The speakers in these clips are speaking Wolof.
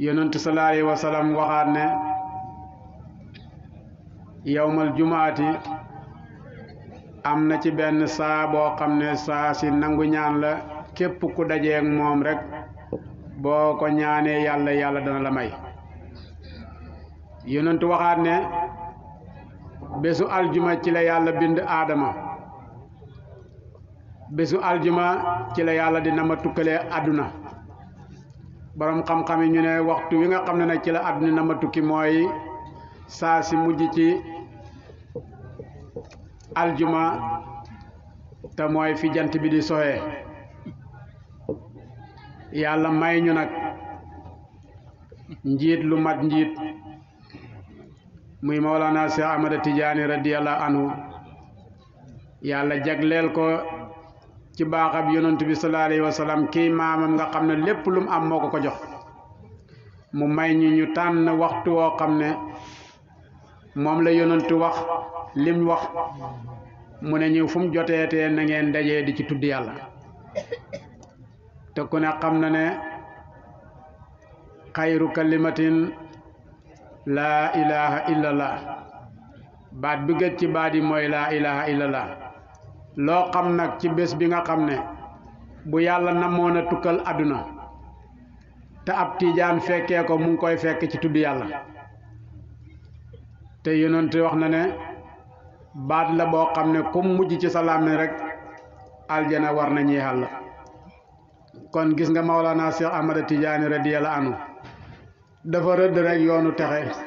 yonent wa sallam waxaat ne yawmal jumaati am na ci benn saa boo xam ne saa si nangu ñaan la képp ku dajeeg moom rek boo ko ñaanee yàlla yàlla dana la may yonent waxaat ne bésu aljuma ci la yàlla bind aadama bésu aljuma ci la yàlla dina ma tukkalee àdduna borom xam-xam yi ñu ne waxtu wi nga xam ne nag ci la àdduna ma tukki mooy saa si mujj ci aljuma te mooy fi jant bi di soxee yàlla may ñu nag njiit lu mat njiit muy Mawlana Cheikh Ahmada Tidiane radiyallahu anhu yàlla jagleel ko ci baaxab yonent bi sallallahu alayhi wa sallam kii maamam nga xam ne lépp lu mu am moo ko ko jox mu may ñu ñu tànn waxtu woo xam ne moom la yonantu wax lim wax mu ne ñu fu mu joteetee na ngeen dajee di ci tudd yàlla te ku ne xam na ne xayru kalimatin laa ilaha illallah baat bi gën ci baat yi mooy laa ilaha illallah loo xam nag ci bés bi nga xam ne bu yàlla namoon na tukkal àdduna te ab tiijaan fekkee ko mu ngi koy fekk ci tudd yàlla te yonent wax na ne baat la boo xam ne ku mujj ci sa làmmiñ rek aljana war na ñeexal la kon gis nga Mawlana Cheikh Ahmada Tidiane radiyallahu anhu dafa rëdd rek yoonu texe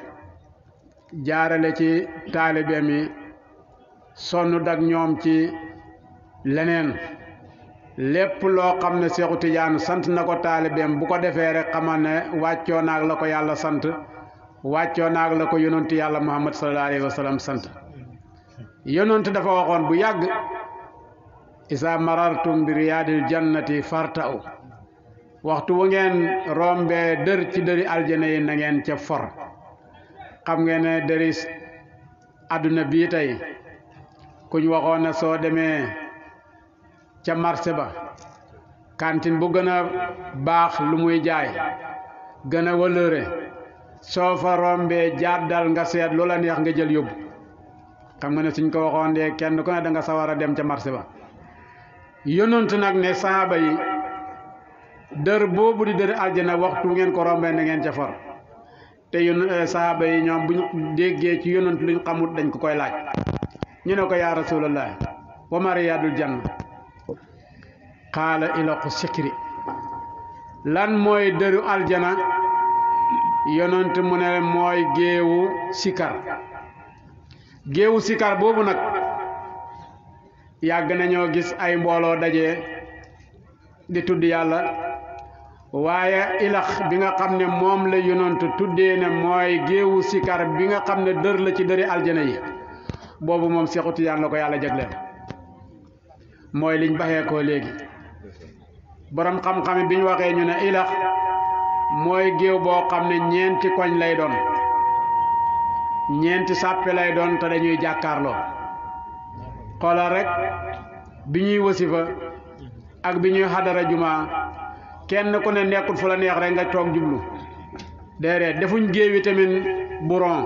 jaarale ci taalibeem mi sonn dag ñoom ci leneen lépp loo xam ne Seexu Tijaan sant na ko taalibeem bu ko defee rek xamal ne wàccoo naag la ko yàlla sant wàccoo naag la ko yonent yàlla Muhammad sallallahu alayhi sant yonent dafa waxoon bu yàgg isa marartum bi riyaadil jannati farta'u waxtu wu ngeen rombee dër ci dëri aljana yi na ngeen ca for xam nga ne dëri àdduna bii tey kuñ waxoon ne soo demee ca marché ba kantin bu gën a baax lu muy jaay gën a wëlëre soo fa rombee jàddal nga seet loola neex nga jël yóbbu xam nga ne suñ ko waxoon dee kenn ku ne da nga sawar a dem ca marché ba yonent nag ne saaba yi dër boobu di dër aljana waxtu ngeen ko rombee na ngeen ca for te yon eh, saaba yi ñoom bu ñu déggee ci yonent luñ xamut dañ ko koy laaj ñu ne ko yaa rasulallah wa ma jan xaala iloqu sikri lan mooy dëru aljana yonent mu ne mooy géewu sikar géewu sikar boobu nag yàgg nañoo gis ay mbooloo daje di tudd yàlla waaye ilax bi nga xam ne moom la yonent tuddee ne mooy géewu sikar bi nga xam ne dër la ci dëri aljana yi boobu moom Seexu Tijaan la ko yàlla jagleel mooy liñ baxee ko léegi borom xam-xam bi ñu waxee ñu ne ilax mooy géew boo xam ne ñeenti koñ lay doon ñeenti sàppe lay doon te dañuy jàkkaarloo xoolal rekk bi ñuy wasifa ak bi ñuy xadara juma kenn ku ne nekkul fu la neex rek nga toog jublu déedéet defuñ géew yi tamit bu rond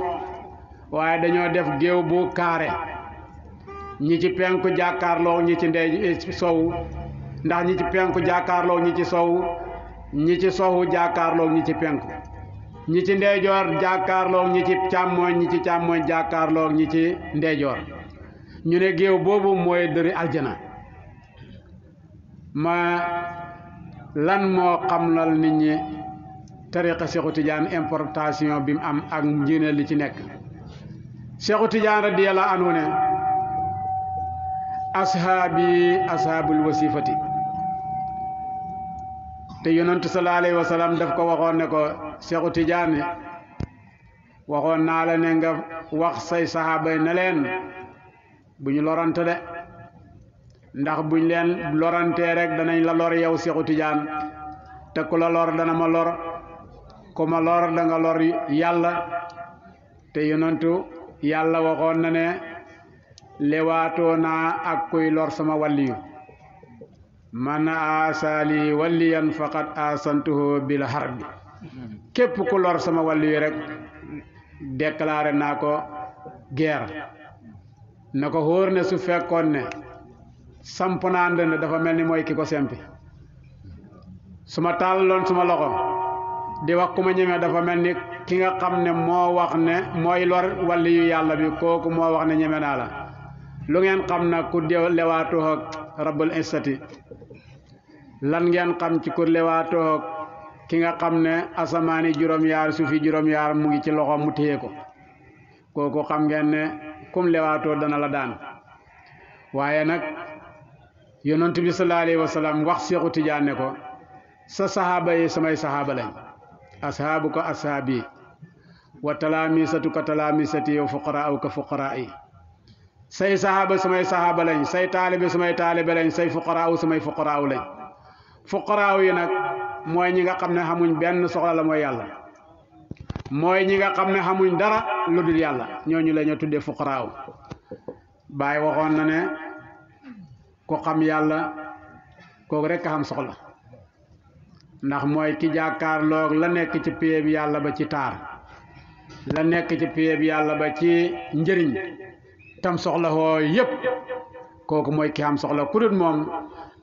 waaye dañoo def géew bu carré ñi ci penku jàkkaarloo ñi ci ndey eh, sow ndax ñi ci penku jàkkaarloo ñi ci sowu ñi ci sowu jàkkaarloo ñi ci penku ñi ci ndeyjoor jàkkaarloo ñi ci càmmooñ ñi ci càmmooñ jàkkaarloo ñi ci ndeyjoor ñu ne géew boobu mooy dëri aljana ma lan moo xam xamlal nit ñi tariqa Seexu Tijaan importation bi mu am ak njëne li ci nekk Seexu Tijaan radiyallaahu anhu ne ashaabi ashaabul wasifati te yonantu sallallahu alayhi wa daf ko waxoon ne ko Seexu Tijaani waxoon naa la ne nga wax say saxaaba yi ne leen bu ñu lorante de ndax buñ leen lorantee rek danañ la lor yow Seexu Tijaan te ku la lor dana ma lor ku ma lor da lor yàlla te yonantu yàlla waxoon na ne lewaatoo naa ak kuy lor sama wàlliyu man aasaali waliyan faqad aasantuhu bil bi képp ku lor sama wàllu yi rek déclaré naa ko guerre na ko xóor ne su fekkoon ne samp naa ndënd dafa mel ni mooy ki ko sempi su ma tàlloon suma loxo di wax ku ma ñemee dafa mel ni ki nga xam ne moo wax ne mooy lor wàllu yu yàlla bi kooku moo wax ne ñeme naa la lu ngeen xam na ku dew lewaatu ak lan ngeen xam ci ku lewaatoog ki nga xam ne asamaani juróom-yaar suufi juróom-yaar mu ngi ci loxo mu téye ko kooku xam ngeen ne kum lewaatoo dana la daan waaye nag yonent bi sallallahu alayhi wa wax seexu tijaan ko sa sahaaba yi samay sahaaba lañ ashaabu ko ashaabi wa talaamisatu ka talaamisati wa fuqaraau ka fuqaraai say sahaaba samay sahaaba lañ say taalibe samay taalibe lañ say fuqaraaw samay fuqaraaw lañ fuqaraaw yi nag mooy ñi nga xam ne xamuñ benn soxla la mooy yàlla mooy ñi nga xam ne xamuñ dara lu dul yàlla ñooñu la ñu tuddee fuqaraaw Baay waxoon na ne ku xam yàlla kooku rek a xam soxla ndax mooy ki jàkkaarloog la nekk ci péyeb yàlla ba ci taar la nekk ci péyeb yàlla ba ci njëriñ tam soxla woo yépp kooku mooy ki xam soxla ku moom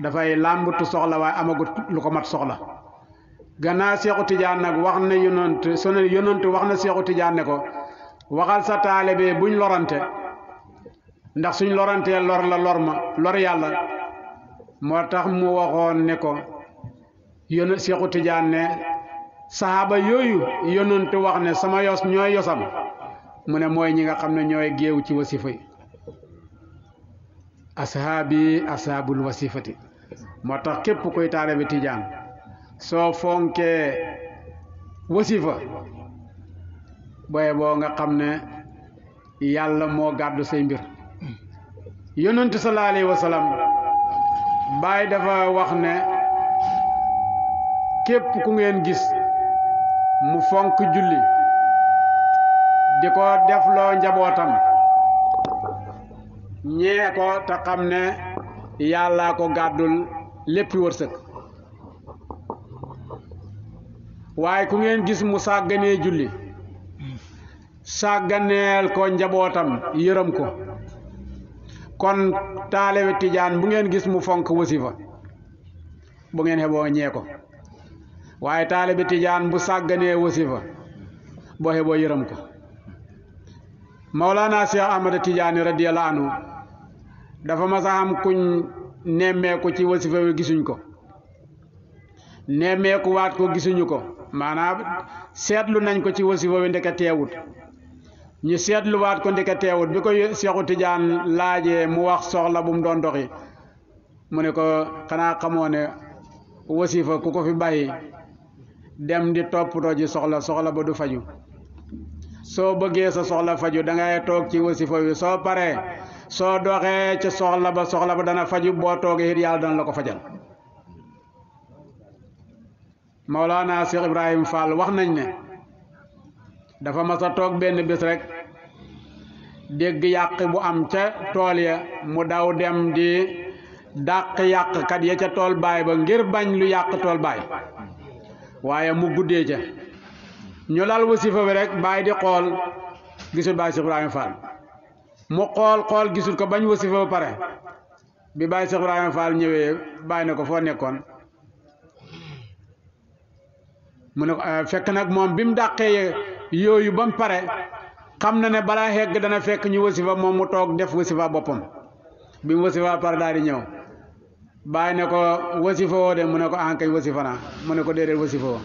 dafay làmbatu soxla waaye amagut lu ko mat soxla gannaaw Seexu Tijaan nag wax na yonant su ne yonant wax na Seexu Tijaan ne ko waxal sa taalibe buñ lorante ndax suñ lorantee lor la lor ma lor yàlla moo tax mu waxoon ne ko yónn Seexu Tijaan ne saxaaba yooyu yonant wax ne sama yos ñooy yosam mu ne mooy ñi nga xam ne ñooy géew ci wasifa yi asxaabi asxaabul wasifati moo tax képp koy taalibe tijaan soo fonkee wasifa boye boo nga xam ne yàlla moo gàddu say mbir yonentu sallallahu alayhi wa dafa wax ne képp ku ngeen gis mu fonk julli di ko defloo njabootam ñee ko te xam ne yàlla ko gàddul lépp wërsëg waaye ku ngeen gis mu sàgganee julli sàgganeel ko njabootam yërëm ko kon taalewe tijaan bu ngeen gis mu fonk wasifa bu ngeen xeboo ñee ko waaye taalibe tijaan bu sàgganee wasifa boo xeboo yërëm ko Mawlaana Cheikh Ahmada Tijaani radiyallaahu anhu dafa mas a am kuñ nemmeeku ci wasifa wi gisuñ ko nemmeeku waat ko gisuñu ko maanaam seetlu nañ ko ci wasifa wi ndeka teewut ñu seetluwaat ko ndeka teewut bi ko Seexu Tijaan laajee mu wax soxla bu mu doon doxi mu ne ko xanaa xamoo ne wasifa ku ko fi bàyyi dem di topp ji soxla soxla ba du faju soo bëggee sa soxla faju dangay toog ci wasifa wi soo paree soo doxee ci soxla ba soxla ba dana faju boo toogee it yàlla dana la ko fajal Mawlaana Cheikh Ibrahim Fall wax nañ ne dafa mas a toog benn bés rekk dégg yàq bu am ca tool ya mu daw dem di dàq yàqkat ya ca tool baay ba ngir bañ lu yàq tool baay waaye mu guddee ca ñu lal wasifa bi rek baay di xool gisul baay Cheikh Ibrahim Fall mu xool xool gisul ko bañ wasifa ba pare bi bàyyi Cheikh Ibrahima Fall ñëwee bàyyi ne ko foo nekkoon mu ne ko ah, fekk nag moom bi mu dàqee yooyu ba mu pare xam na ne balaa xegg dana fekk ñu wasifa moom mu toog def wasifa boppam bi mu wasifa pare daal di ñëw bàyyi ne ko wasifa woo de mu ne ko ankay ah, wasifa naa mu ne ko déedéet wasifa woo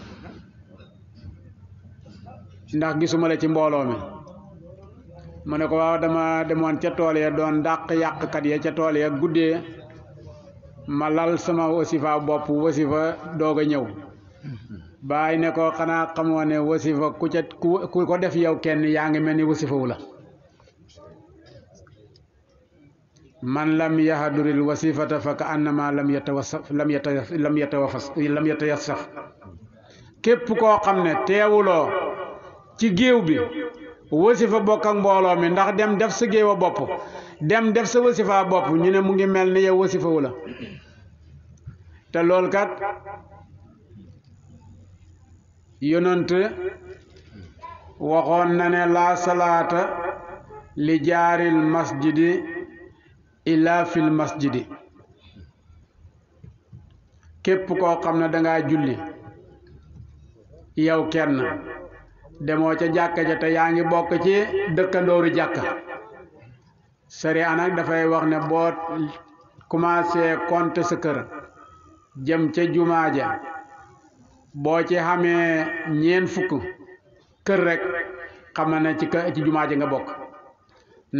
ndax gisuma la ci mbooloo mi mu ne ko waaw dama demoon ca tool ya doon dàq yàqkat ya ca tool ya guddee ma lal sama wasifa bopp wasifa doog a ñëw bàyyi ne ko xanaa xamoo ne wasifa ku ca ku ko def yow kenn yaa ngi mel ni wasifawu la man lam yahaduril wasifata fa ka annama lam yatawasaf lam yatawaf lam yatawafas lam yatayassaf képp koo xam ne teewuloo ci géew bi wasifa bokk ak mbooloo mi ndax dem def sa géew a bopp dem def sa wasifaa bopp ñu ne mu ngi mel ni yow wasifa wu la te lool kat yonent waxoon na ne laa salaata li jaaril masjidi illa fil masjidi képp koo xam ne dangaa julli yow kenn demoo ca jàkka ja te yaa ngi bokk ci dëkkandooru jàkka sariya nag dafay wax ne boo commencé compte sa kër jëm ca jumaa ja boo ci xamee ñeen fukk kër rek xam na ci kër ci jumaa ja nga bokk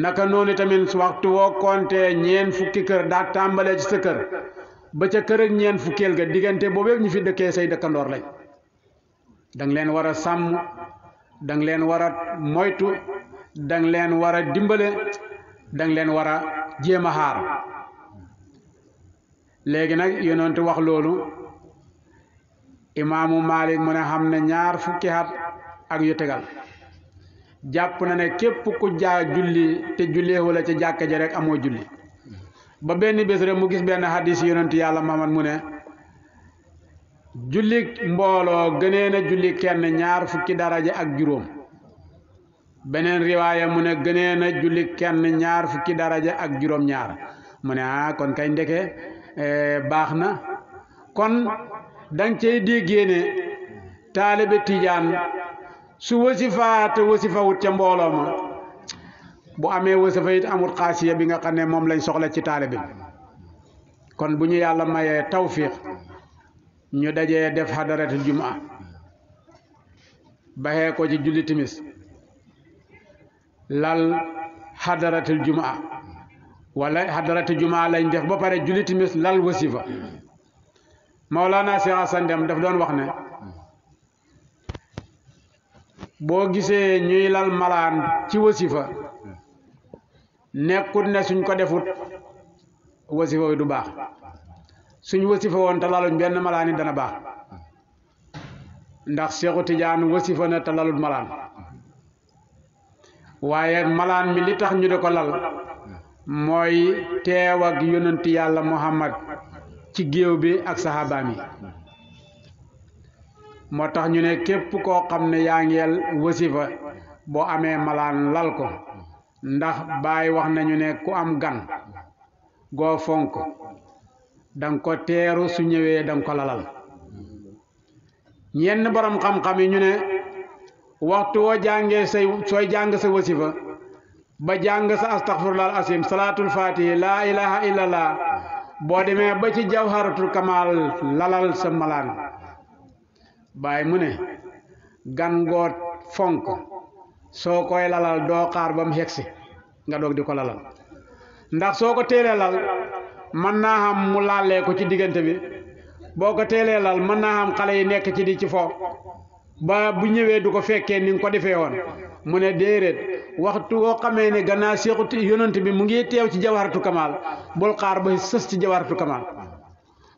naka noonu tamit waxtu woo compté ñeen fukki kër daa tàmbalee ci sa kër ba ca kër ak ñeen fukkeel ga diggante boobu yëpp ñu fi dëkkee say dëkkandoor lañ danga leen war sàmm dang leen war a moytu dang leen war a dimbale dang leen war a jéem a xaar léegi nag yonentu wax loolu imaamu Malik mu ne xam ne ñaar fukki at ak yu tegal jàpp na ne képp ku jaa julli te jullee wala ca jàkka ja rek amoo julli ba benn bés rek mu gis benn hadis yonentu yàlla Muhammad mu ne julli mbooloo gënee na julli kenn ñaar fukki daraja ak juróom beneen riwaaya mu ne gënee na julli kenn ñaar fukki daraja ak juróom ñaar mu ne ah kon kay ndeke eh, baax na kon danga cey déggee ne taalibe tijaan su wasifaa te ca mbooloo ma bu amee wasifa it amut xaasiya bi nga xam ne moom lañ soxla ci taalibe bi kon bu ñu yàlla mayee tawfiq ñu dajee def xadaratul jumaa baxee ko ci julli timis lal xadaratul jumaa wala xadaratul jumaa lañ def ba pare julli timis lal wasifa Mawlana Cheikh Assane Deme daf doon wax ne boo gisee ñuy lal malaan ci wasifa nekkut ne suñ ko defut wasifa wi du baax suñ wasifa woon talaluñ benn malaan yi dana baax ndax Seexu Tijaan wasifa na talalul malaan waaye malaan mi li tax ñu di ko lal mooy teew ak yonent yàlla Muhammad ci géew bi ak saxaabaam yi moo tax ñu ne képp koo xam ne yaa ngeel wasifa boo amee malaan lal ko ndax baay wax nañu ne ku am gan goo fonk danga ko teeru su ñëwee danga ko lalal yenn borom xam-xam yi ñu ne waxtu woo jàngee say sooy jàng sa wasifa ba jàng sa astaghfirullah asim salaatul fatihi laa ilaha illallah boo demee ba ci jawharatul kamal lalal sa malaan bàyyi mu ne gan goot fonk soo koy lalal doo xaar ba mu yegsi nga doog di ko lalal ndax soo ko teelee lal mën naa xam mu laalee ko ci diggante bi boo ko teelee lal mën naa xam xale yi nekk ci di ci fo ba bu ñëwee du ko fekkee ni nga ko defee woon mu ne déeréet waxtu woo xamee ne gannaaw seexu yonent bi mu ngi teew ci jawaratu kamal bul xaar ba sës ci jawaratu kamal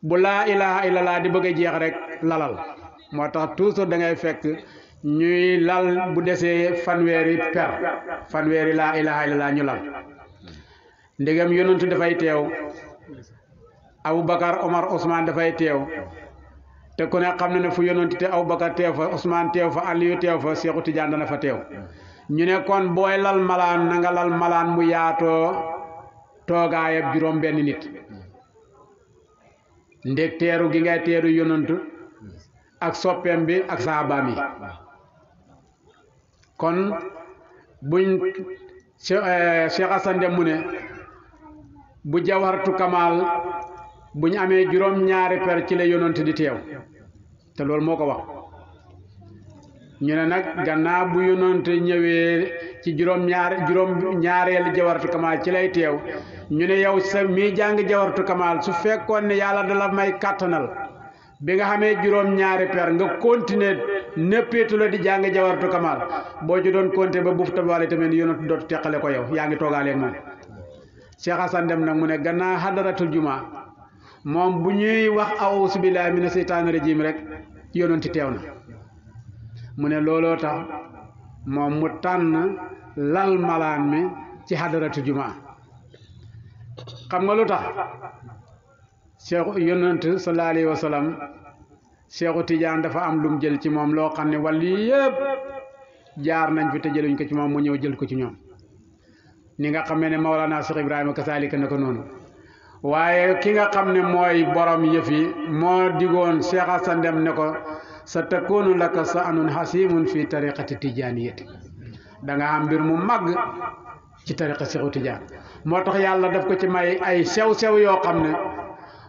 bu laa ilaha illallah di bëgg a jeex rek lalal moo tax toujours da fekk ñuy lal bu desee fanweeri per fanweeri laa ilaha illallah ñu lal ndegam yonent dafay teew Aboubacar Omar Ousmane dafay teew te ku ne xam na ne fu yonent te teew fa Ousmane teew fa Aliou teew fa Seexu Tijaan fa teew ñu ne kon booy lal malaan na lal malaan mu yaatoo toogaayab juróom benn nit ndég teeru gi ngay teeru yonent ak soppeem bi ak saabaam yi kon buñ eh, Cheikh Assane Dem mu bu jawartu Kamal bu ñu amee juróom-ñaari per ci la yonent di teew te loolu moo ko wax ñu ne nag gannaaw bu yonent ñëwee ci juróom-ñaar juróom-ñaareelu jawartu kamaal ci lay teew ñu ne yow sa mii jàng jawartu kamaal su fekkoon ne yàlla dala may kàttanal bi nga xamee juróom-ñaari per nga continuer nëppeetu la di jàng jawartu kamaal boo ju doon compter ba buuf tabaale tamit yonent dootu teqale ko yow yaa ngi toogaaleeg moom Cheikh Hassane nag mu ne gannaaw xadaratul juma moom bu ñuy wax awusu billaahi mina seytaani rajiim rek yonenti teew na mu ne looloo tax moom mu tànn lal malaan mi ci xadaratu jumaa xam nga lu tax cheikh yonent sallallahu alayhi wa sallam cheikhu Tidiane dafa am lum jël ci moom loo xam ne wàllu yëpp jaar nañ fi te jëluñ ko ci moom mu ñëw jël ko ci ñoom ni nga xamee ne Mawlana Cheikh Ibrahima kasaalika na ko noonu waaye ki nga xam ne mooy borom yëf moo digoon Cheikh Assane Deme ne ko sa takkoonu lakk sa anun xasimun fii tariqati tiijaan yéet danga am mbir mu màgg ci tariqa Seexu Tijaan moo tax yàlla daf ko ci may ay sew-sew yoo xam ne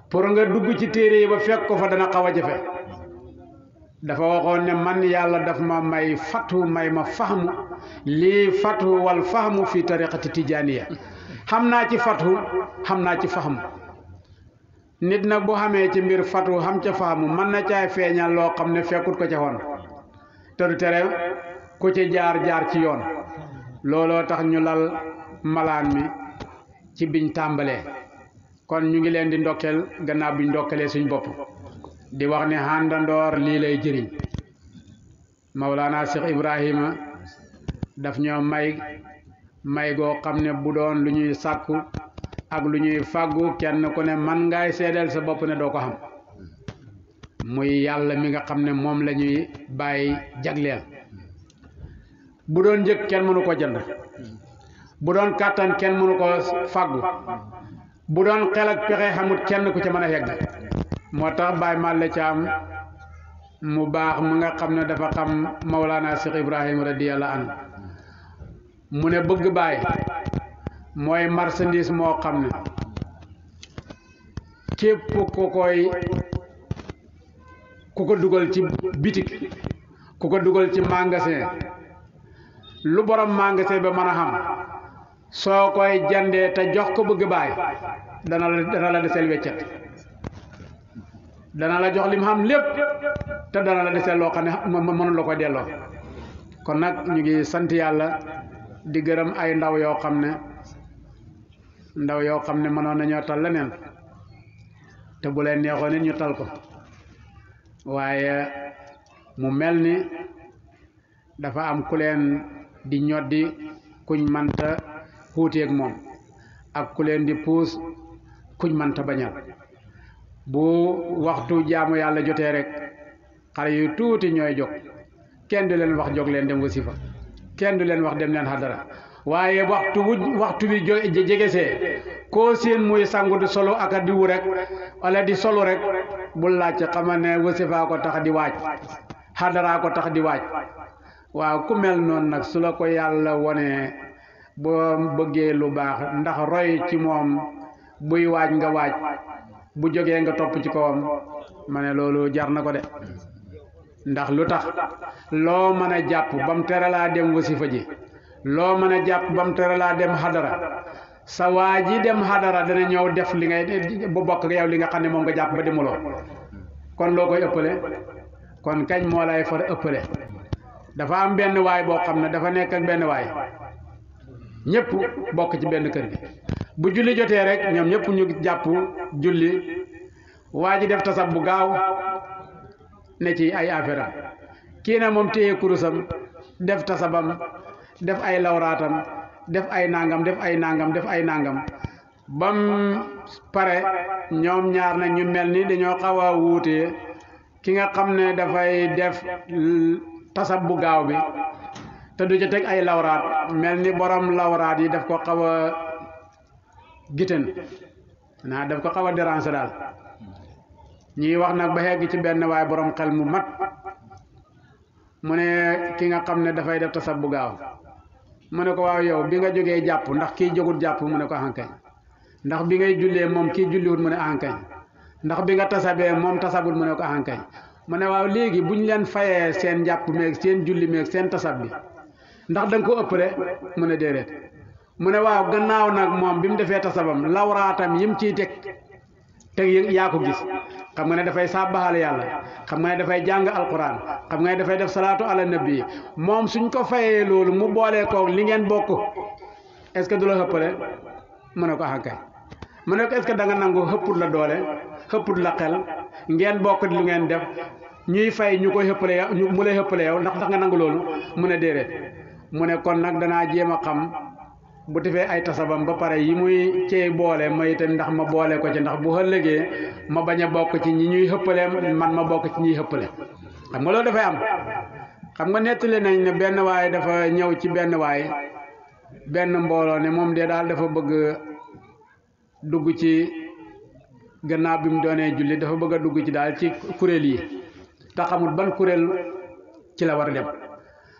pour nga dugg ci téere yi ba fekk ko fa dana xaw a jafe dafa waxoon ne man yàlla daf ma may fattu may ma fahmu lii fatu wal fahmu fii tiijaan tijaaniya xam naa ci fatu xam naa ci faxam nit na bu xamee ci mbir fatu xam ca faxamu mën na caay feeñal loo xam ne fekkut ko ca woon te du tere ku ci jaar jaar ci yoon looloo tax ñu lal malaan mi ci biñ tàmbalee kon ñu ngi leen di ndokkeel gannaaw biñ ndokkelee suñu bopp di wax ne xàndandoor lii lay jëriñ Mawlaana Cheikh Ibrahima daf ñoo may may goo xam ne bu doon lu ñuy sàkku ak lu ñuy fàggu kenn ku ne man ngaay seedeel sa bopp ne doo ko xam muy yàlla mi nga xam ne moom la ñuy bàyyi jagleel bu doon njëkk kenn mënu ko jënd bu doon kàttan kenn mënu ko fàggu bu doon xel ak pexe xamut kenn ku ci mën a yegg moo tax Baay Malle Caam mu baax mu nga xam ne dafa xam Mawlaana Cheikh Ibrahima radiyallahu anhu mu ne bëgg baay mooy marchandise moo xam ne képp ku koy ku ko dugal ci bitik ku ko dugal ci magasin lu borom magasin ba mën a xam soo koy jandee te jox ko bëgg baay dana la dana la deseel weccet dana la jox lim xam lépp te dana la deseel loo xam ne mënu la ko delloo kon nag ñu ngi sant yàlla di gërëm ay ndaw yoo xam ne ndaw yoo xam ne mënoon nañoo tal leneen te bu leen neexoon nit ñu tal ko waaye mu mel ni dafa am ku leen di ñoddi kuñ mënta xuuteeg moom ak ku leen di puus kuñ mënta bañal bu waxtu jaamu yàlla jotee rek xale yu tuuti ñooy jóg kenn di leen wax jóg leen dem wasifa kenn du leen wax dem leen xadara waaye waxtu wu waxtu bi jegesee koo seen muy sangu di solo aka diwu rek wala di solo rek bu laajte xama ne wasifaa ko tax di waaj xadaraa ko tax di waaj waaw ku mel noonu nag su la ko yàlla wonee boo bëggee lu baax ndax roy ci moom buy waaj nga waaj bu jógee nga topp ci kawam ma ne loolu jar na ko de ndax lu tax loo mën a jàpp bam tere laa dem wasifa ji loo mën a jàpp bam tere laa dem xadara sa waa ji dem xadara dana ñëw def li ngay bu bokk yow li nga xam ne moom nga jàpp ba demuloo kon loo koy ëppale kon kañ moo lay far ëppale dafa am benn waay boo xam ne dafa nekk ak benn waay ñëpp bokk ci benn kër gi bu julli jotee rek ñoom ñépp ñu jàpp julli waa ji def tasab bu gaaw ne ci ay affaire kii ne moom téye kurusam def tasabam def ay lawraatam def ay nangam def ay nangam def ay nangam bam pare ñoom ñaar na ñu mel ni dañoo xaw a wuutee ki nga xam ne dafay def tasab bu gaaw bi te du ca teg ay lawraat mel ni borom lawraat yi daf ko xaw a giten naa daf ko xaw a déranger daal ñii wax nag ba xegg ci benn waaye borom xel mu mat mu ne ki nga xam ne dafay def tasab bu gaaw mu ne ko waaw yow bi nga jógee jàpp ndax kii jógut jàpp mu ne ko ankañ ah ndax bi ngay jullee moom kii julliwut mu ne ankañ ah ndax bi nga tasabee moom tasabul mu ne ko ankañ ah mu ne waaw léegi bu ñu leen fayee seen jàpp meeg seen julli meeg seen tasab bi ndax da nga ko ëppale mu ne déedéet mu ne waaw gannaaw nag moom bi mu defee tasabam lawraatam yim ciy teg te yaa ko gis xam nga ne dafay sàbbaxal yàlla xam nga ne dafay jàng alquran xam nga ne dafay def salaatu ala nabi moom suñ ko fayee loolu mu boolee koog li ngeen bokk est ce que du la xëppale mu ne ko xànkay ah, mu ne ko est da nga nangu xëpput la doole xëpput la xel ngeen bokk li ngeen def ñuy fay ñu koy xëppale yow mu lay xëppale yow ndax tax nga nangu loolu mu ne déedéet mu ne kon nag danaa jéem a xam bu defee ay tasabam ba pare yi muy cey boole ma itam ndax ma boole ko ci ndax bu ëllëgee ma bañ a bokk ci ñi ñuy xëppale man ma bokk ci ñuy xëppale xam nga loolu dafay am xam nga nettali nañ ne benn waaye dafa ñëw ci benn waay benn mbooloo ne moom de daal dafa bëgg dugg ci gannaaw bi mu doonee julli dafa bëgg a dugg ci daal ci kuréel yi te xamul ban kuréel ci la war a dem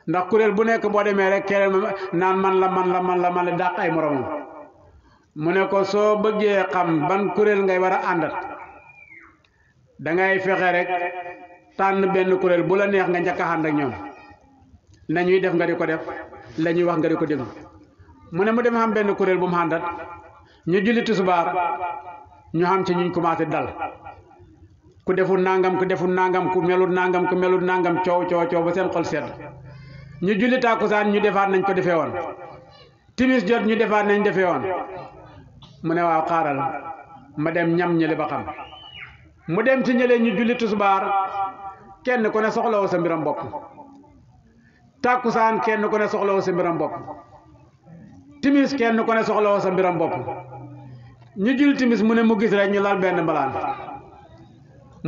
ndax kuréel bu nekk boo demee rek keneen naan man la man la man la man la dàq ay moromam mu ne ko soo bëggee xam ban kuréel ngay war a àndat dangay fexe rek tànn benn kuréel bu la neex nga njëkk a ak ñoom na ñuy def nga di ko def la ñuy wax nga di ko déglu mu ne mu dem xam benn kuréel bu mu àndat ñu julli tisbaar ñu xam ci ñuñ commencé dal ku deful nangam ku deful nangam ku melul nangam ku melul nangam coow coow coow ba seen xol sedd ñu julli tàkkusaan ñu defaat nañ ko defee woon timis jot ñu defaat nañ defee woon mu ne waaw xaaral ma dem ñam ñële ba xam mu dem ci ñële ñu julli tisbaar kenn ku ne soxlawu sa mbiram bopp tàkkusaan kenn ku ne soxlawu sa mbiram bopp timis kenn ku ne soxlawu sa mbiram bopp ñu julli timis mu ne mu gis rek ñu lal benn mbalaan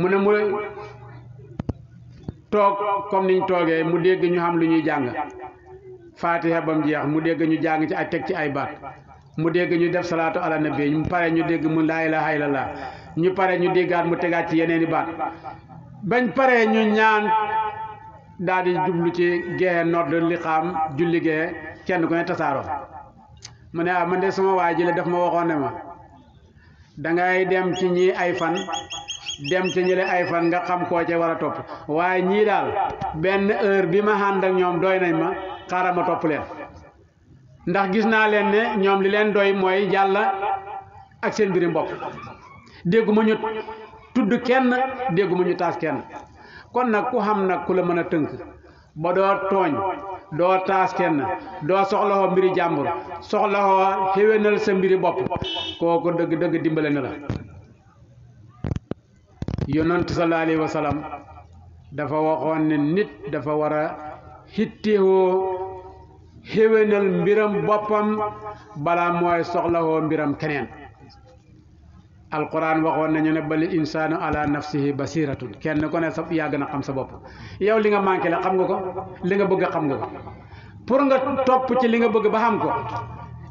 mu ne mu toog comme niñ toogee mu dégg ñu xam lu ñuy jàng faatiha ba mu jeex mu dégg ñu jàng ci ay teg ci ay baat mu dégg ñu def salaatu ala nabi mu pare ñu dégg mu laa ilaaha illallah ñu pare ñu déggaat mu tegaat ci yeneen yeneeni baat bañ paree ñu ñaan daal di jublu ci geexe nodd li xaam julli geexe kenn ku ne tasaaroo mu ne ah man de sama waa ji la ma waxoon ne ma dangay dem ci ñi ay fan dem ci ñi le ay fan nga xam koo ce war a topp waaye ñii daal benn heure bi ma ànd ñoom doy nañ ma xaaral ma topp leen ndax gis naa leen ne ñoom li leen doy mooy yàlla ak seen mbiri bopp dégguma ñu tudd kenn dégguma ñu taas kenn kon nag ku xam nag ku la mën a tënk ba doo tooñ doo taas kenn doo soxlaxoo mbiri jàmbur soxlaxoo xéwénal sa mbiri bopp kooku dëgg dëgg dimbale na la yonant sallallahu alayhi wa sallam dafa waxoon ne nit dafa war a xittewoo xéwénal mbiram boppam balaa mooy soxlawoo mbiram keneen alquran waxoon nañu ne bali insaanu ala nafsihi basiratun kenn kone sa yàgg na xam sa bopp yow li nga manqué la xam nga ko li nga bëgg xam nga ko pour nga topp ci li nga bëgg ba xam ko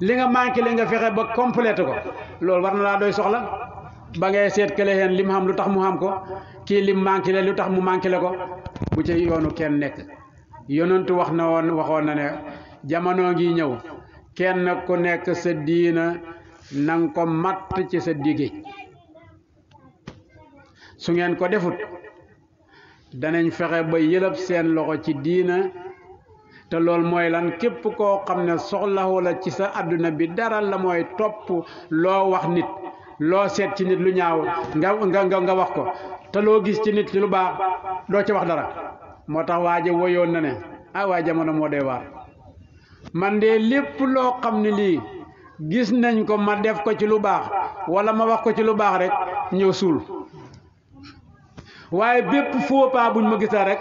li nga manqué li nga fexe ba complété ko loolu war na laa doy soxla ba ngay seet kële heen lim xam lu tax mu xam ko kii lim manqué le lu tax mu manqué le ko bu ci yoonu kenn nekk yonentu wax na woon waxoon na ne jamono ngi ñëw kenn ku nekk sa diina nan ko matt ci sa digge su ngeen ko defut danañ fexe ba yëlëb seen loxo ci diina te loolu mooy lan képp koo xam ne soxlawu la ci sa àdduna bi dara la mooy topp loo wax nit loo seet ci nit lu ñaaw nga nga nga wax ko te loo gis ci nit ci lu baax doo ci wax dara moo tax waaje woyoon na ne ah waa jamono moo dee waar man de lépp loo xam ne lii gis nañ ko ma def ko ci lu baax wala ma wax ko ci lu baax rek ñëw suul waaye bépp faux pas buñ ma gisaa rek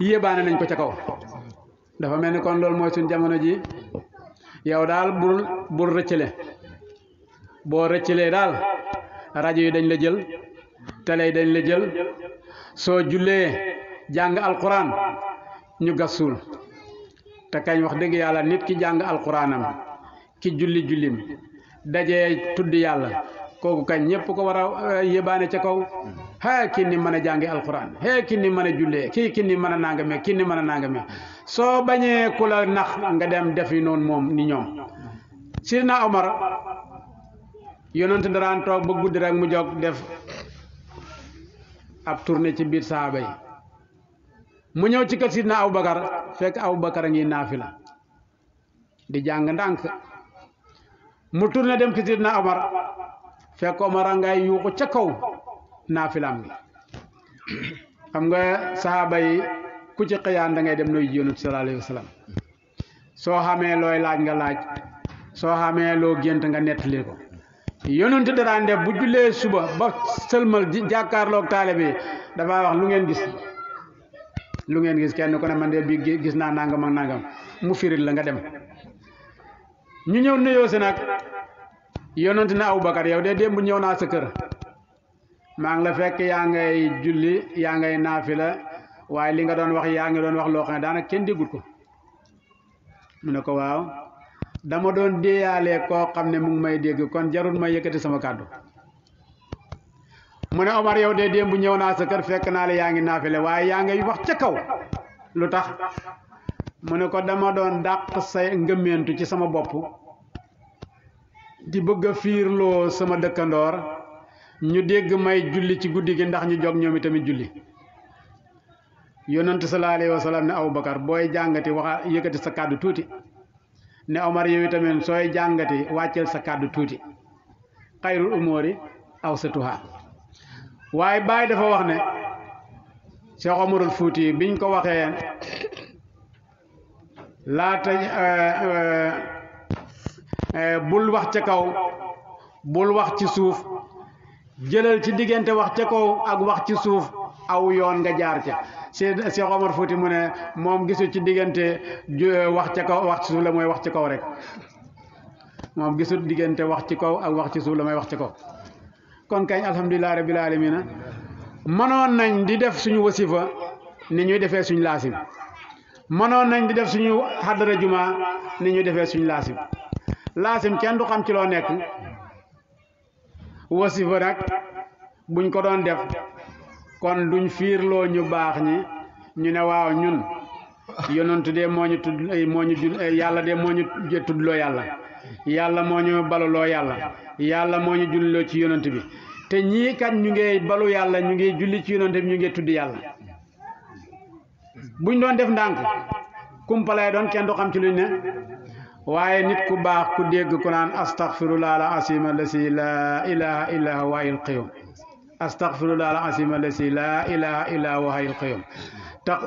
yéebaane nañ ko ca kaw dafa mel ni kon loolu mooy suñ jamono ji yow daal bul bul rëccale boo rëccalee daal rajo yi dañ la jël télé yi dañ la jël soo jullee jàng alxuraan ñu gas te kañ wax dëgg yàlla nit ki jàng alquranam ki julli jullim dajee tudd yàlla kooku kañ ñëpp ko war a eh, yebaane ca kaw ha kii ni mën a jàngi alquran he kii ni mën a jullee kii kii ni mën a nangame kii ni mën a nangame soo bañee ku la nax nga dem defi noonu moom ni ñoom Sirna Omar yonent daraan toog ba guddi rek mu jóg def ab tournée ci biir saaba yi mu ñëw ci kër sidna Abubakar fekk Abubakar a ngi la di jàng ndànk mu tourné dem ci sidna Omar fekk Omar a ngay yuuxu ca kaw naafilaam gi xam nga saaba yi ku ci xëyaan da ngay dem nuyu yonent sallallahu alayhi wa sallam soo xamee looy laaj nga laaj soo xamee loo gént nga nettali ko yonent daraan def bu jullee suba ba sëlmal jàkkaarloog taalibe yi dafa wax lu ngeen gis lu ngeen gis kenn ku ne man de bii gis naa nangam ak nangam mu firil la nga dem ñu ñëw nuyoo si nag yonent na Aboubacar yow de démb ñëw naa sa kër maa ngi la fekk yaa ngay julli yaa ngay naafila waaye li nga doon wax yaa ngi doon wax loo xam ne daanaka kenn déggut ko mu ne ko waaw dama doon déeyaalee koo xam ne mu ngi may dégg kon jarul may yëkkati sama kàddu mu ne Omar yow de démb ñëw naa sa kër fekk naa la yaa ngi naafile waaye yaa ngi wax ca kaw lu tax mu ne ko dama doon dàq say ngëmmentu ci sama bopp di bëgg a fiirloo sama dëkkandoor ñu dégg may julli ci guddi gi ndax ñu jog ñoom itamit julli yonent sallallahu alayhi wa sallam ne Abubakar booy jàngati waxa yëkkati sa kàddu tuuti ne Omar yooyu tamit sooy jàngati wàcceel sa kàddu tuuti xayrul umóori aw sa tuha waaye Baay dafa wax ne Cheikh Omarul Fuuti biñ ko waxee laata eh, eh, bul wax ca kaw bul wax ci suuf jëlal ci diggante wax ca kaw ak wax ci suuf aw yoon nga jaar ca Cheikh Cheikh Omar Fouti mu ne moom gisul ci diggante eh, wax ca kaw wax ci suuf la mooy wax ci kaw rek moom gisul diggante wax ci kaw ak wax ci suuf la mooy wax ci kaw kon kañ alhamdulilah rabil alamina mënoon nañ di def suñu wasifa ni ñuy defee suñu laasim mënoon nañ di def suñu xaddara juma ni ñuy defee suñu laasim laasim kenn du xam ci loo nekk wasifa nag buñ ko doon def kon duñ fiirloo ñu baax ñi ñu ne waaw ñun yonentu de moo ñu tudd eh, moo ñu jul eh, yàlla de moo ñu tuddloo yàlla yàlla moo ñu baluloo yàlla yàlla moo ñu julliloo ci yonent bi te ñii kat ñu ngi balu yàlla ñu ngi julli ci yonent bi ñu ngi tudd yàlla buñ doon def ndànk kumpalay doon kenn du xam ci luñ ne waaye nit ku baax ku dégg ku naan astaghfirullah la asima la si la ilaha illa huwa astaghfirullah al-azim allasi laa ilaha illa huwa hayyul qayyum tax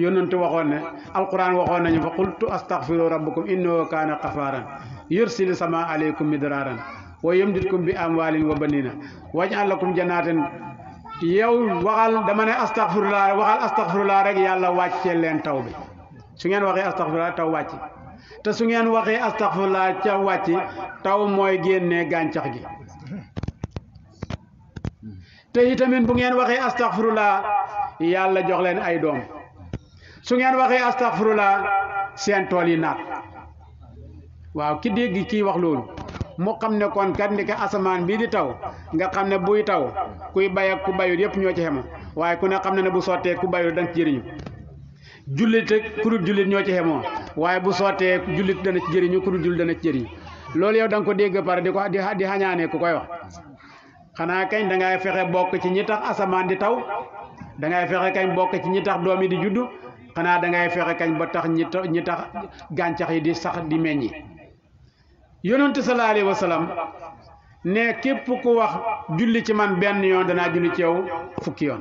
yonentu waxoon ne alquran waxoon nañu fa qultu astaghfiru rabbakum innahu kaana ghaffaran yursil sama aleykum midraaran wa yumditkum bi amwaalin wa banina waj'al lakum jannatin yow waxal dama ne astaghfirullah waxal astaghfirullah rek yàlla wàcc wàcce leen taw bi su ngeen waxee astaghfirullah taw wàcc te su ngeen waxee astaghfirullah ca wàcc taw mooy génnee gàncax gi te tamit bu ngeen waxee laa yàlla jox leen ay doom su ngeen waxee astaghfirullah seen tool yi naat waaw ki dégg kii wax loolu mu xam ne kon kat ndeke asamaan bii di taw nga xam ne buy taw kuy bay ku bayul yëpp ñoo ci xema waaye ku ne xam ne ne bu sottee ku bayul danga jëriñu jullit ak ku jullit ñoo ci xemoo waaye bu sottee jullit dana ci jëriñu ku jullit dana ci jëriñu loolu yow da nga ko dégg pare di ko di xañaanee ku koy wax xanaa kañ da ngay fexe bokk ci ñi tax asamaan di taw da ngay fexe kañ bokk ci ñi tax doom yi di judd xanaa da ngay fexe kañ ba tax ñi tax ñi tax gàncax yi di sax di meññi yonent sallallahu alayhi wa sallam ne képp ku wax julli ci man benn yoon danaa julli ci yow fukki yoon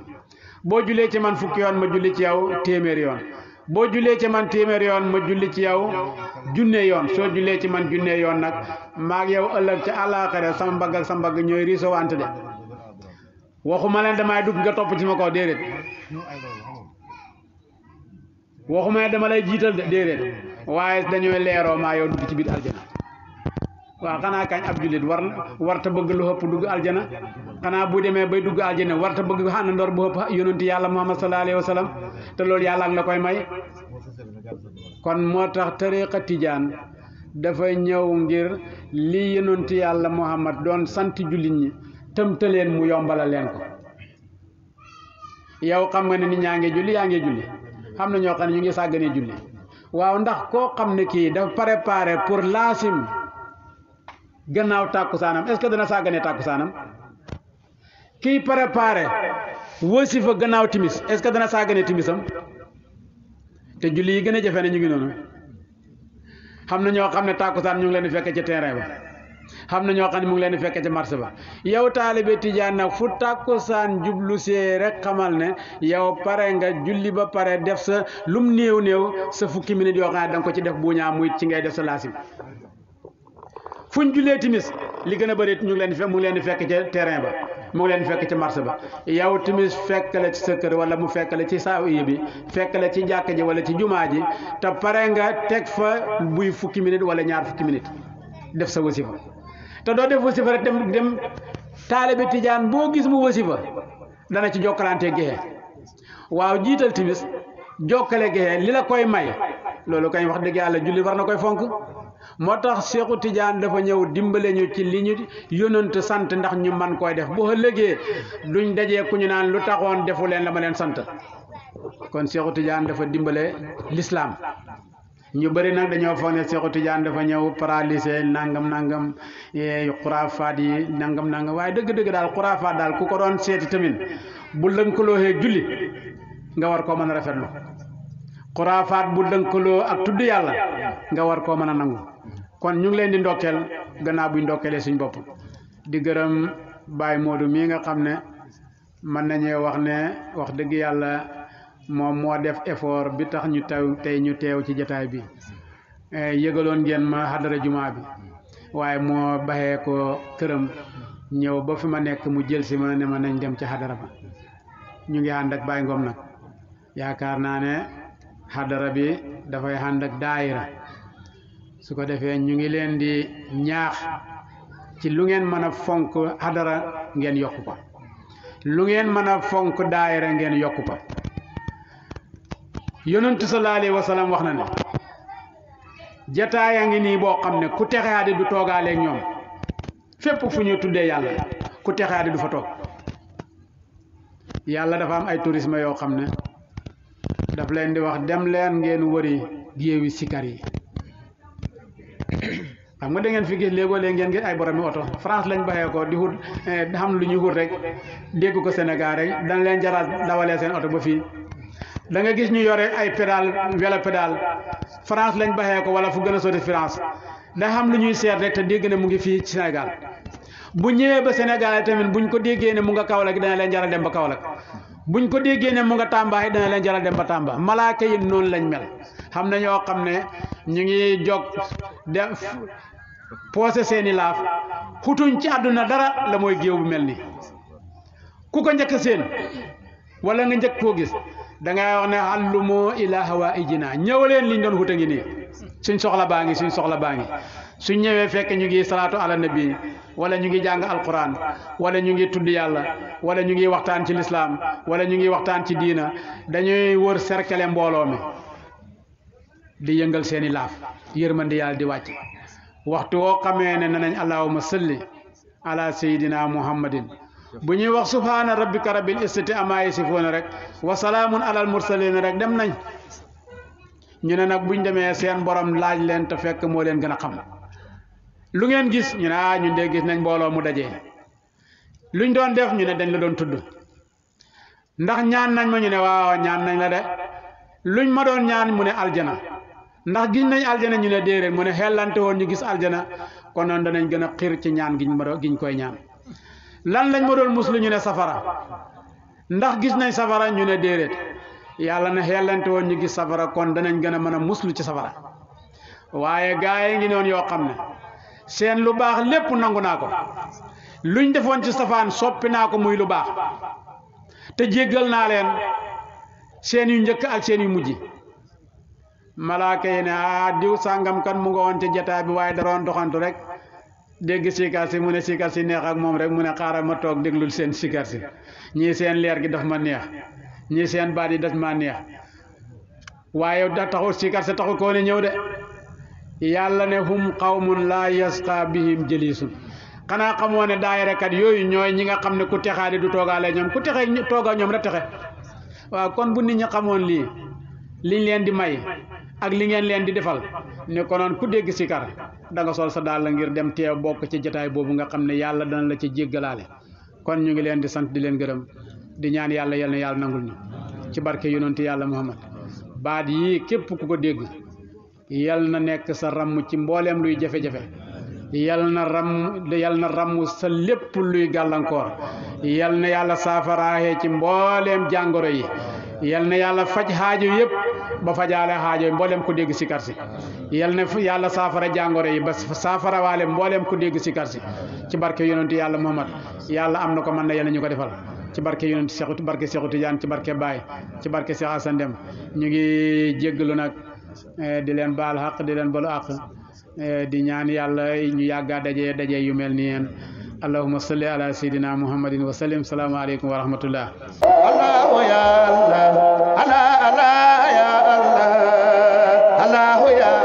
boo jullee ci man fukki yoon ma julli ci yow téeméer yoon. boo jullee ci man téeméer yoon ma julli ci yow junne yoon soo jullee ci man junne yoon nag maag yow ëllëg ca àllaaxare sama mbagg sa mbagg ñooy riiso wante de waxuma leen damay dugg nga topp ci ma ko déedéet waxuma ne dama lay jiital de déedéet waaye dañooy leeroo maa yow dugg ci biir aljana waaw xanaa kañ ab jullit war warta bëgg lu ëpp dugg aljana xanaa bu demee bay dugg aljana warta bëgg xana ndor bu ëpp yonenti yàlla muhammad sallallahu alayhi wa sallam te loolu yàlla ak la koy may kon moo tax tariqa tijaan dafa ñëw ngir li yonenti yàlla muhammad doon sant jullit ñi tëmtaleen mu yombala leen ko yow xam nga ne nit ñaa ngi julli yaa ngi julli xam na ñoo xam ne ñu ngi sàgganee julli waaw ndax koo xam ne kii dafa préparé pour laasim gannaaw tàkkusaanam est-ce que dana sàggane tàkkusaanam kiy préparé wasifa gannaaw timis est-ce que dana sàggane timisam te julli yi gën a jafe na ñu ngi noonu xam na ñoo xam ne tàkkusaan ñu ngi leen di fekk ci terrain ba xam na ñoo xam ne mu ngi leen di fekk ci marché ba yow taalibe tijaan nag fu tàkkusaan jublu see rek xamal ne yow pare nga julli ba pare def sa lum néew néew sa fukki mi yoo xam ne da nga ko ci def bu ñaa muy ci ngay def sa laasi fu ñu julee timis li gën a bëri ñu leen di leen di fekk ca terrain ba mu ngi leen fekk ci marché ba yow timis fekk la ci sa kër wala mu fekk la ci saa bi fekk la ci jàkka ji wala ci jumaa ji te pare nga teg fa buy fukki minute wala ñaar fukki minute def sa wasifa te doo def wasifa rek dem dem taalibe tijaan boo gis mu wasifa dana ci jokkalante géexe waaw jiital timis jokkale géexe li la koy may loolu kañ wax dëgg yàlla julli war na koy fonk moo tax Seexu Tijaan dafa ñëw dimbale ñu ci li ñu yónnante sant ndax ñu man koy def bu ëllëgee duñ dajee ku ñu naan lu taxoon defu leen la ma leen sant kon Seexu Tijaan dafa dimbale lislaam ñu bari nag dañoo foog ne Seexu Tijaan dafa ñëw paralysé nangam nangam eh, xuraafaat yi nangam nangam waaye dëgg-dëgg daal xuraafaat daal ku ko doon seeti tamit bu lënkalooxee julli nga war koo mën a rafetlu xuraafaat bu lënkaloo ak tudd yàlla nga war koo mën a nangu kon ñu ngi leen di ndokkeel gannaaw buñ ndokkeelee suñu bopp di gërëm baay Modou mii nga xam ne mën nañu wax ne wax dëgg yàlla moom moo def effort bi tax ñu taw tey ñu teew ci jataay bi eh, yëgaloon ngeen ma xadara jumaa bi waaye moo baxee ko këram ñëw ba fi ma nekk mu jël si ma ne ma nañ dem ci xadara ba ñu ngi ànd ak Baye Ngom nag yaakaar naa ne xadara bi dafay ànd ak daayira su ko defee ñu ngi leen di ñaax ci lu ngeen mën a fonk hadara ngeen yokk ko lu ngeen mën a fonk daayira ngeen yokk ko yonentu sallallahu alayhi wa sallam wax na ne jataaya ngi nii boo xam ne ku texeaadi du toogaaleeg ñoom fépp fu ñu tuddee yàlla ku texeaadi du fa toog yàlla dafa am ay tourisme yoo xam ne daf leen di wax dem leen ngeen wëri géewi sikar yi xam nga da ngeen fi gis léegoo-léeg ngeen gis ay boromi oto France lañ baxee ko di eh, da xam lu ñuy wut rek dégg ko Sénégal rek dañ leen jaraat dawalee seen oto ba fii da nga gis ñu yore ay pédal vélo pédal France lañ baxee ko wala fu gën a sori France da xam lu ñuy seet rek te dégg ne mu ngi fii Sénégal bu ñëwee ba Sénégal tamit buñ ko déggee ne mu nga Kaolack dana leen jaral dem ba bu buñ ko déggee ne mu nga Tamba dana leen jaral dem ba Tamba malaaka yi noonu lañ mel xam na ñoo xam ne ñu ngi jog dem poosé seeni laaf xutuñ ci àdduna dara la mooy géew bu mel nii ku ko njëkk seen wala nga njëkk koo gis dangay wax ne xàllumoo ilaa hawaa ijinaa ñëwaleen liñ doon xuta ngi nii suñ soxla baa ngi suñ soxla baa ngi suñ ñëwee fekke ñu ngi salaatu ala nabi wala ñu ngi jàng alquran wala ñu ngi tudd yàlla wala ñu ngi waxtaan ci lislaam wala ñu ngi waxtaan ci diina dañuy wër cercle mbooloo mi di yëngal seeni laaf yërmandi yàlla di wàcc waxtu woo xamee ne nañ allahuma salli ala sayidina muhammadin bu ñuy wax subhaana rabbika rabbil istati ama yasifuuna rek wa salaamun alal mursalin rek dem nañ ñu ne nag buñ demee seen borom laaj leent fekk moo leen gën a xam lu ngeen gis ñu ne ah ñun de gis nañ mbooloo mu dajee luñ doon def ñu ne dañ la doon tudd ndax ñaan nañ ma ñu ne waaw ñaan nañ la de luñ ma doon ñaan mu ne aljana ndax gis nañ aljana ñu ne déedéet mu ne xellante woon ñu gis aljana kon noonu danañ gën a xiir ci ñaan giñ ma doon giñ koy ñaan lan lañ ma doon muslu ñu ne safara ndax gis nañ safara ñu ne déedéet yàlla na xellante woon ñu gis safara kon danañ gën a mën a muslu ci safara waaye gaa yi ngi seen lu baax lépp nangu naa ko luñ defoon ci safaan soppi naa ko muy lu baax te jéggal naa leen seen yu njëkk ak seen yu mujj malaaka yi ne ah diw sàngam kan mu nga woon ci jataay bi waaye daroon doxantu rek dégg sikar si mu ne sikar si neex ak moom rek mu ne xaaral ma toog déglul seen sikar si ñii seen leer gi daf ma neex ñii seen baat yi daf ma neex waaye da taxul sikar si taxul koo ne ñëw de yàlla ne hum qawmun laa yasqa bihim jëlisun xanaa xamoo ne daayerekat yooyu ñooy ñi nga xam ne ku texaadi du toogaale ñoom ku texe tooga ñoom rek texe waaw kon bu nit ñi xamoon lii liñ leen di may ak li ngeen leen di defal ne ko noon ku dégg sikar da nga sol sa dàll ngir dem teew bokk ci jataay boobu nga xam ne yàlla dana la ci jéggalaale kon ñu ngi leen di sant di leen gërëm di ñaan yàlla yal na yàlla nangul ñu ci barke yonent yàlla Muhammad yal na nekk sa ràmm ci mbooleem luy jafe-jafe yal na ràmm yal na ràmm sa lépp luy gàllankoor yal na yàlla saafaraaxee ci mbooleem jàngoro yi yal na yàlla faj xaajo yëpp ba fajaale xaajo yi mbooleem ku dégg si karsi yal na yàlla saafara jàngoro yi ba saafara waale mbooleem ku dégg si karsi ci barke yonentu yàlla Muhammad yàlla am na ko mën na yal na ñu ko defal ci barke yonent Seexu barke Seexu Tijaan ci barke Baay ci barke Seex Asan Dem ñu ngi Eh, di leen baal xaq di leen balu àq eh, di ñaan yàlla ñu yàgga daje daje yu mel ni yeen allahumma salli ala sayidina muhammadin wa sallim allah ala ala ya allah allahu ya